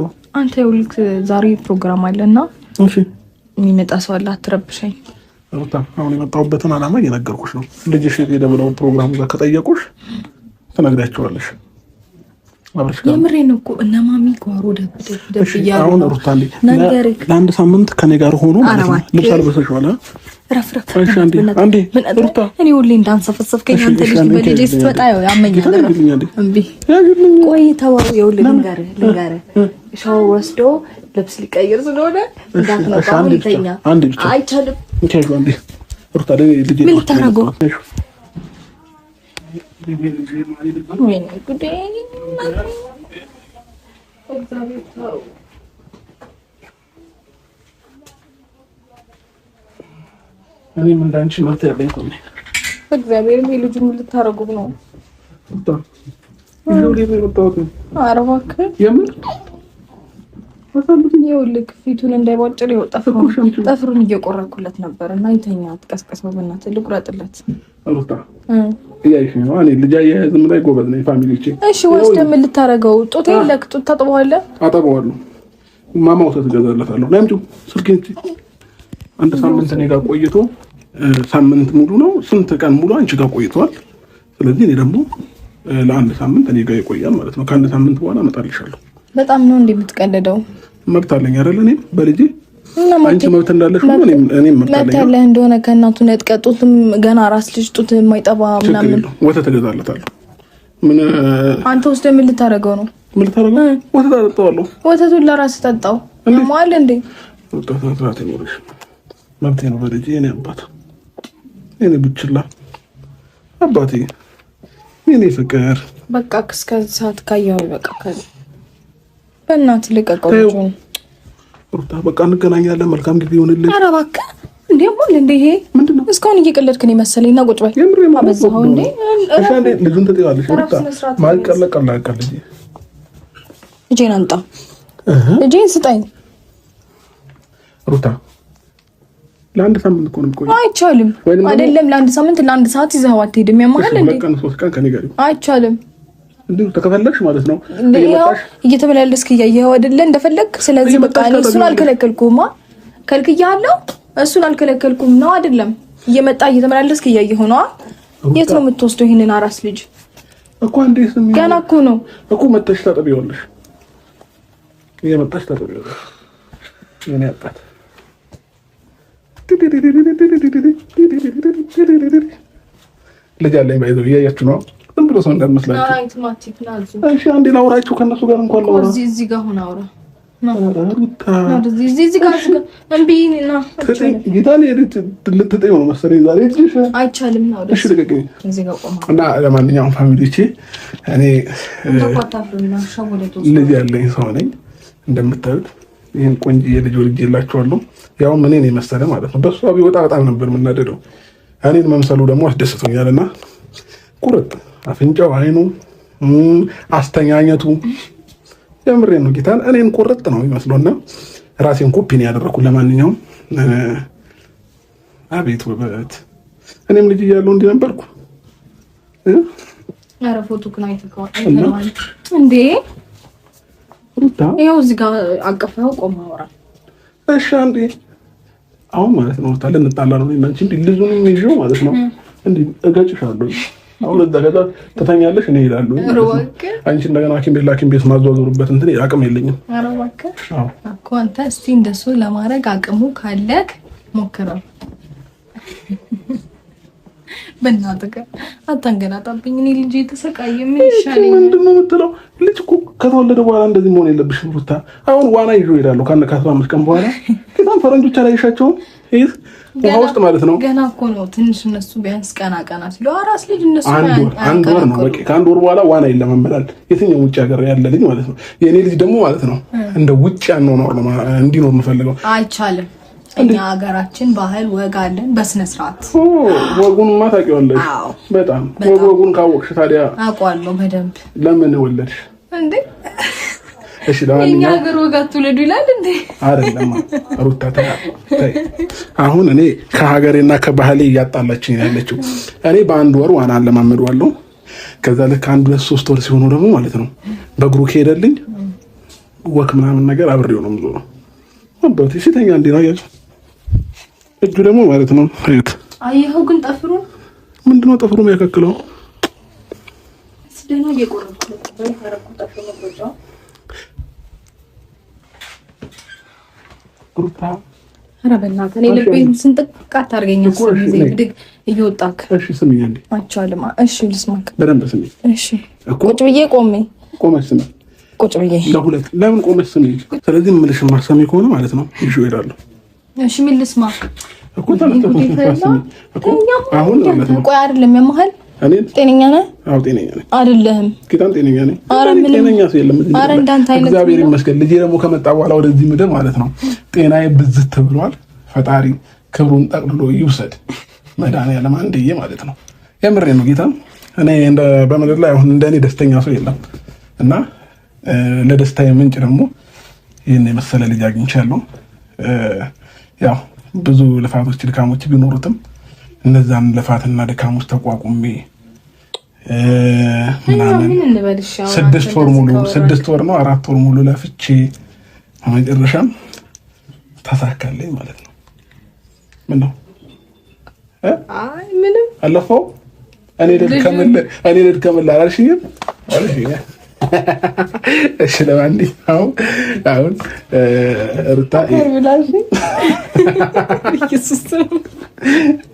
ነው። አንተ ይኸውልህ ዛሬ ፕሮግራም አለ እና የሚመጣ ሰው አለ፣ አትረብሸኝ። አሁን የመጣሁበትን አላማ እየነገርኩሽ ነው። ልጅሽ ሄደ ፕሮግራም ከጠየቁሽ ትነግሪያቸዋለሽ። የምሬን እኮ እነ ማሚ ጓሮ ደብደብ እያሉ ለአንድ ሳምንት ከኔ ጋር ሆኖ ልብስ አልበሰሽዋል። እኔ ሁሌ እንዳንሰፈሰፍከኝ አንተ ልጅ በልጄ ስትመጣ ያመኛል። ቆይ ይኸውልህ ልንገርህ ልንገርህ ሻወር ወስዶ ልብስ ሊቀይር ስለሆነ እንዳትመጣ አይቻልም። ምን ልታረገው እኔም እንዳንቺ መብት ያለኝ እኮ ነው። እግዚአብሔርም የልጁን ልታረጉብ ነው። ኧረ እባክህ ይኸውልህ፣ ፊቱን እንዳይቧጭር ጠፍሩን እየቆረኩለት ነበር እና ይተኛ። አትቀስቀስ፣ በእናትህ ልቁረጥለት እያይሽ ነው። እኔ ልጅ አያያዝም ላይ ጎበዝ ነኝ። ፋሚሊ እቺ እሺ፣ ወስደ ምን ልታረገው? ጡት የለቅ ጡት ታጥበዋለህ? አጠበዋለሁ። ማማ ወተት እገዛለታለሁ። ናምጩ ስልኬን አንድ ሳምንት እኔ ጋር ቆይቶ ሳምንት ሙሉ ነው ስንት ቀን ሙሉ አንቺ ጋር ቆይቷል። ስለዚህ እኔ ደግሞ ለአንድ ሳምንት እኔ ጋር ይቆያል ማለት ነው። ከአንድ ሳምንት በኋላ እመጣልሻለሁ። በጣም ነው እንዴ የምትቀልደው? መብት አለኝ አይደል? እኔም በልጄ አንቺ መብት እንዳለሽ መብታለህ እንደሆነ ከእናቱ ነጥቀ ጡትም ገና ራስ ልጅ ጡት የማይጠባ ምናምን ወተት እገዛለታለሁ። አንተ ውስጥ ምን ልታደርገው ነው? ምን ልታደርገው? ወተት አጠጣዋለሁ። ወተቱን ለራስ ጠጣው። ያማል እንዴ? መብቴ ነው። በልጄ የኔ አባት፣ የኔ ብችላ አባቴ፣ የኔ ፍቅር። በቃ እስከ ሰዓት ካየኸው በቃ ከዚህ በእናትህ ልቀቀው። ሩታ በቃ እንገናኛለን። መልካም ጊዜ ይሆንልን። ኧረ እባክህ እንዴ ሙል እንዴ ይሄ ምንድን ነው? እስካሁን እየቀለድክ ነው መሰለኝ። እና ቁጭ በል አበዛኸው እንዴ። እሺ እንዴ ልጁን ትጠይዋለሽ ሩታ ማይቀለቀል ላይቀል ልጅ እጄን አምጣ፣ እጄን ስጠኝ ሩታ። ለአንድ ሳምንት እኮ ነው የምቆየው። አይቻልም። አይደለም ለአንድ ሳምንት ለአንድ ሰዓት ይዘኸው አትሄድም። ያማሃል እንዴ? አይቻልም እንዲሁ ተከፈለግሽ ማለት ነው እየተመላለስክ እያየኸው አይደለ እንደፈለግ ስለዚህ በቃ እሱን አልከለከልኩማ ከልክያለሁ እሱን አልከለከልኩም ነው አይደለም እየመጣ እየተመላለስክ እያየኸው ነዋ የት ነው የምትወስደው ይህንን አራስ ልጅ እኮ እንዴት ነው ገና እኮ ነው እኮ መጣሽ ታጠቢዋለሽ እየመጣሽ ታጠቢዋለሽ ምን ያጣት ልጅ አለኝ ባይዘው እያያችሁ ነው ዝም ብሎ ሰው እንዳትመስላችሁ። እሺ፣ አንዴ ላውራችሁ ከእነሱ ጋር እንኳን ላውራ። እዚህ እዚህ ጋር ሆነ አውራ እና ለማንኛውም ፋሚሊዎቼ እኔ ልጅ ያለኝ ሰው ነኝ። እንደምታዩት ይህን ቆንጆ የልጅ ወልጅ የላችኋለሁ። ያውም እኔን የመሰለ ማለት ነው። በእሷ ቢወጣ በጣም ነበር የምናደደው። እኔን መምሰሉ ደግሞ አስደስቶኛል እና ቁርጥ አፍንጫው፣ አይኑ፣ አስተኛኘቱ የምሬ ነው። ጌታን እኔን ቁርጥ ነው ይመስለውና ራሴን ኮፒ ነው ያደረኩ። ለማንኛውም አቤት ውበት! እኔም ልጅ እያለሁ እንዲህ ነበርኩ። ይኸው እዚህ ጋር አቀፈው ቆም አወራል። እሺ አንዴ አሁን ማለት ነው ልንጣላ ነው እንጂ ልጁን ይዤው ማለት ነው እንዲህ እገጭሻለሁ አሁን እዛ ከዛ ትተኛለሽ እንደ ይላሉ። አንቺ እንደገና ሐኪም ቤት ሐኪም ቤት ማዘዋወሩበት እንትን አቅም የለኝም እኮ አንተ። እስቲ እንደሱ ለማድረግ አቅሙ ካለክ ሞክረው። በእናትህ ጋር እኔ ልጅ የተሰቃየ ምን ይሻለኝ? ምንድን ነው የምትለው? ልጅ እኮ ከተወለደ በኋላ እንደዚህ መሆን የለብሽም ሩታ። አሁን ዋና ይዞ ይሄዳሉ ከአስራ አምስት ቀን በኋላ ከዛም ፈረንጆች አላየሻቸውም ውሃ ውስጥ ማለት ነው። ገና እኮ ነው ትንሽ እነሱ ቢያንስ ቀና ቀና ሲሉ አራስ ልጅ እነሱ አንድ ወር ነው በቃ። ከአንድ ወር በኋላ ዋና ይለማመዳል። የትኛው ውጭ ሀገር ያለ ልጅ ማለት ነው። የእኔ ልጅ ደግሞ ማለት ነው እንደ ውጭ ያነው ነው እንዲኖር የምፈልገው። አይቻልም። እኛ ሀገራችን ባህል ወግ አለን። በስነ ስርዓት ወጉንማ ታውቂዋለሽ። በጣም ወጉን ካወቅሽ ታዲያ አውቀዋለሁ በደንብ። ለምን ወለድሽ እንዴ? እሺ ለማንኛውም ሀገር ይላል እንዴ? አይደለም ሩታ አሁን እኔ ከሀገሬና ከባህሌ እያጣላችኝ ያለችው እኔ በአንድ ወር ዋና አለማመደዋለሁ። ከዛ ልክ አንድ ሁለት ሶስት ወር ሲሆኑ ደግሞ ማለት ነው በእግሩ ከሄደልኝ ወክ ምናምን ነገር አብሬው ነው ምዞ ነው ሲተኛ እንዲ ነው ያለ እጁ ደግሞ ማለት ነው ት አየኸው። ግን ጠፍሩ ምንድነው ጠፍሩ የሚያከክለው ስደና እየቆረኩ ጠፍሩ ኧረ በእናትህ እኔ ልቤን ስንጥቅ አታድርገኝ። ብድግ እየወጣክ አይቻልም። እሺ ልስማክ በደንብ ስሚ። እሺ ቁጭ ብዬ ቆሜ ቆመሽ ስሚ። ቁጭ ብዬ ለሁለት ለምን ቆመሽ ስሚ። ስለዚህ የምልሽ ማሰሚ ከሆነ ማለት ነው ይዤው እሄዳለሁ። እሺ ምን ልስማ እኮ ታለፈ እኮ አሁን ቆይ አይደለም ያመሃል እኔን ጤነኛ ነህ? አዎ ጤነኛ ነኝ። አይደለህም? ጌታን ጤነኛ ነኝ። ኧረ ምንም ጤነኛ ሰው የለም። ኧረ እንዳንተ አይነት እግዚአብሔር ይመስገን። ልጄ ደግሞ ከመጣ በኋላ ወደዚህ ምድር ማለት ነው ጤናዬ ብዝት ብሏል። ፈጣሪ ክብሩን ጠቅልሎ ይውሰድ መድኃኒዓለም አንድዬ ማለት ነው። የምሬ ነው ጌታ። እኔ በምድር ላይ አሁን እንደኔ ደስተኛ ሰው የለም እና ለደስታ ምንጭ ደግሞ ይህን የመሰለ ልጅ አግኝቻለሁ። ያው ብዙ ልፋቶች ድካሞች ቢኖሩትም እነዛን ልፋትና ድካም ውስጥ ተቋቁሜ ምናምን ስድስት ወር ሙሉ ስድስት ወር ነው አራት ወር ሙሉ ለፍቼ በመጨረሻም ተሳካልኝ ማለት ነው። ምን ነው አለፈው። እኔ ልድከምልህ አላልሽኝም? እሺ ለማንኛውም አሁን ሩታ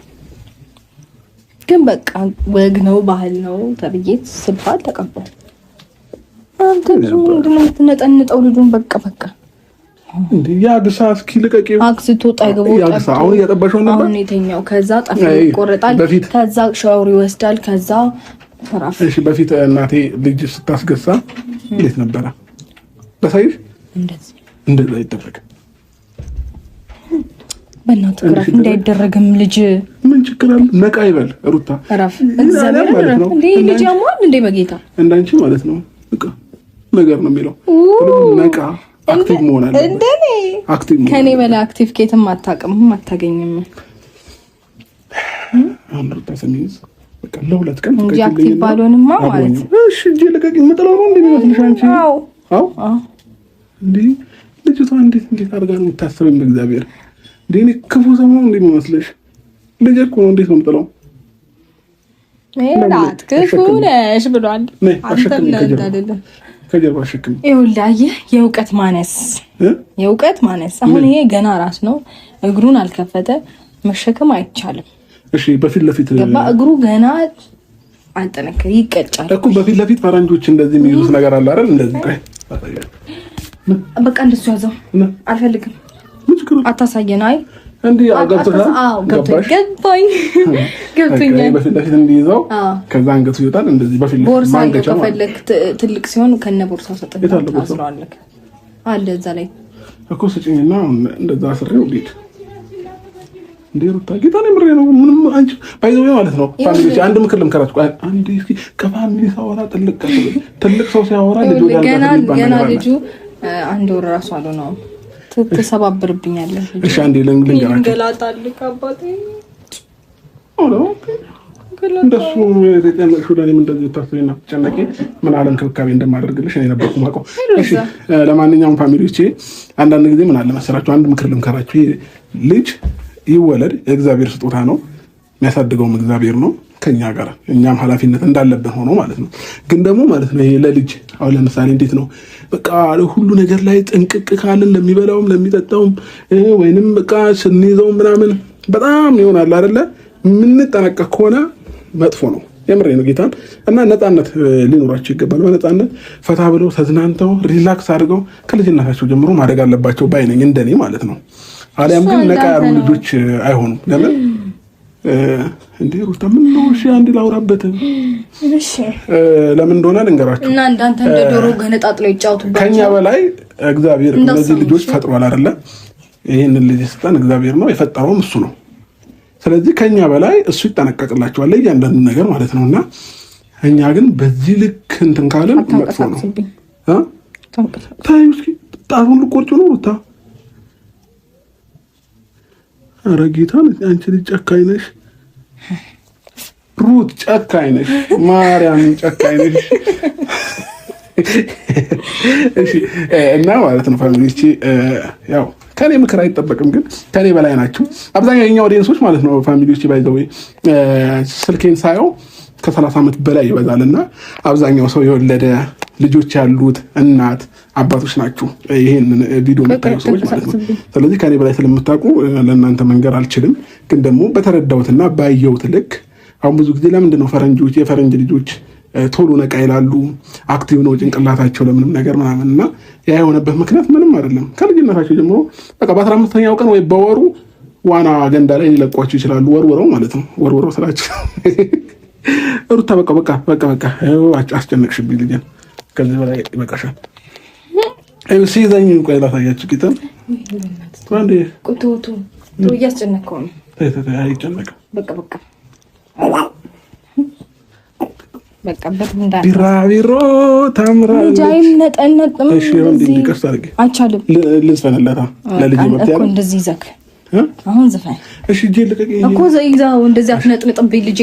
ግን በቃ ወግ ነው ባህል ነው ተብዬ ስባል ተቀባል። አንተ ብዙ ምንድን ነው የምትነጠንጠው? ልጁን በቃ በቃ ያግሳ እስኪ ልቀቂ። አግስቶ ጠግቦ አሁን እያጠባሽው ነበር። አሁን የተኛው ከዛ ጠፍ ይቆረጣል፣ ከዛ ሻወር ይወስዳል፣ ከዛ እሺ። በፊት እናቴ ልጅ ስታስገሳ እንዴት ነበረ? በሳይሽ እንደዚህ እንደዛ ይደረጋል በእናት ግራፍ እንዳይደረግም ልጅ ምን ችግር አለ? ነቃ ይበል ሩታ ልጅ አሟል እንዴ በጌታ እንዳንቺ ማለት ነው በቃ ነገር ነው የሚለው ነቃ አክቲቭ መሆን አለ እንዴ አክቲቭ ከኔ በላይ አክቲቭ ኬትም አታውቅም አታገኝም። አሁን ሩታ ሰሚዝ በቃ ለሁለት ቀን እንጂ አክቲቭ ባልሆንማ ማለት እሺ እንጂ ለቀቂ መጥለው ነው እንዴ አንቺ? አዎ አዎ እንዴ ልጅቷ እንዴት እንዴት አድርጋ ነው የምታስበኝ በእግዚአብሔር እኔ ክፉ ሰው ነው እንዴ የሚመስልሽ? ልጅ እኮ ነው። እንዴት ነው የምጥለው? ክፉ ነሽ ብሏል። ከጀርባ አሸክም። ይኸውልህ የእውቀት ማነስ የእውቀት ማነስ። አሁን ይሄ ገና ራስ ነው፣ እግሩን አልከፈተ መሸክም አይቻልም። እሺ በፊት ለፊት እግሩ ገና አልጠነከረ ይቀጫል እኮ በፊት ለፊት ፈረንጆች እንደዚህ የሚይዙት ነገር አለ አይደል? እንደዚህ በቃ እንደሱ ያዘው አልፈልግም ችግር አታሳየን። አይ እንዲህ ገባኝ ገብቶኛል። በፊት ለፊት እንዲይዘው ከዛ አንገቱ ይወጣል። እንደዚህ በፊት ቦርሳ ከፈለክ ትልቅ ሲሆን ከነ ቦርሳ ሰጥተህ አለ እዛ ላይ እኮ ስጭኝና እንደዛ አስሬው ሊድ እንዴ ሩታ ጌታ ነው ምሬ ነው ምንም አንቺ ባይዘው ማለት ነው። ፋሚሊ አንድ ምክር ልምከራችሁ። አንዴ እስኪ ከፋሚሊ ሳወራ ትልቅ ትልቅ ሰው ሲያወራ ልጅ ወዳለ ገና ልጁ አንድ ወር ራሱ አሉ ነው ትሰባብርብኛለህ። እሺ አንዴ እንደዚህ ምን አለ እንክብካቤ እንደማደርግልሽ እኔ ነበርኩ የማውቀው። እሺ ለማንኛውም ፋሚሊዎቼ አንዳንድ ጊዜ ምን አለ መሰላችሁ፣ አንድ ምክር ልምከራችሁ። ልጅ ይወለድ የእግዚአብሔር ስጦታ ነው፣ የሚያሳድገውም እግዚአብሔር ነው። ከኛ ጋር እኛም ኃላፊነት እንዳለብን ሆኖ ማለት ነው። ግን ደግሞ ማለት ነው ለልጅ አሁን ለምሳሌ እንዴት ነው በቃ ሁሉ ነገር ላይ ጥንቅቅ ካልን ለሚበላውም ለሚጠጣውም ወይንም በቃ ስንይዘው ምናምን በጣም ይሆናል አይደለ? የምንጠነቀቅ ከሆነ መጥፎ ነው። የምሬ ነው ጌታን እና ነፃነት ሊኖራቸው ይገባል። በነፃነት ፈታ ብለው ተዝናንተው ሪላክስ አድርገው ከልጅነታቸው ጀምሮ ማደግ አለባቸው ባይ ነኝ፣ እንደኔ ማለት ነው። አሊያም ግን ነቃ ያሉ ልጆች አይሆኑም። ለምን እንዴ ሩታ ምን ነው? እሺ አንድ ላውራበት። እሺ ለምን እንደሆነ ልንገራችሁ እና እንዳንተ እንደ ዶሮ ገነጣጥሎ ይጫወቱባችሁ። ከኛ በላይ እግዚአብሔር እነዚህ ልጆች ፈጥሯል አይደለ? ይህንን ልጅ ስልጣን እግዚአብሔር ነው የፈጠረውም እሱ ነው። ስለዚህ ከኛ በላይ እሱ ይጠነቀቅላቸዋል እያንዳንዱ ነገር ማለት ነው። እና እኛ ግን በዚህ ልክ እንትን ካለን መጥፎ ነው። ታዩ እስኪ ጣሩን ልቆርጩ ነው ሩታ። ኧረ ጌታን አንቺ ልጅ ጨካኝ ነሽ። ሩት ጨካኝ ነሽ፣ ማርያምን ጨካኝ ነሽ። እና ማለት ነው እቺ ያው ከኔ ምክር አይጠበቅም፣ ግን ከኔ በላይ ናቸው አብዛኛው የኛ ኦዲየንሶች ማለት ነው እቺ ባይ ዘ ወይ ስልኬን ሳየው ከሰላሳ ዓመት በላይ ይበዛል እና አብዛኛው ሰው የወለደ ልጆች ያሉት እናት አባቶች ናቸው ይሄን ቪዲዮ የምታዩ ሰዎች ማለት ነው። ስለዚህ ከኔ በላይ ስለምታውቁ ለእናንተ መንገር አልችልም። ግን ደግሞ በተረዳሁትና ባየሁት ልክ አሁን ብዙ ጊዜ ለምንድን ነው ፈረንጆች የፈረንጅ ልጆች ቶሎ ነቃ ይላሉ፣ አክቲቭ ነው ጭንቅላታቸው ለምንም ነገር ምናምን እና ያ የሆነበት ምክንያት ምንም አይደለም። ከልጅነታቸው ጀምሮ በቃ በአስራ አምስተኛው ቀን ወይ በወሩ ዋና ገንዳ ላይ ሊለቋቸው ይችላሉ። ወርውረው ማለት ነው። ወርውረው ስላቸው ሩታ በቃ በቃ በቃ በቃ አስጨነቅሽብኝ ልጄን፣ ከዚህ በላይ ይበቃሻል። ሲዘኝ ቆይ ላሳያችሁ ጌታ እያስጨነቅከው ነው። ቢራቢሮ አሁን እሺ። ልቀቅ እኮ እንደዚህ አትነጥንጥብኝ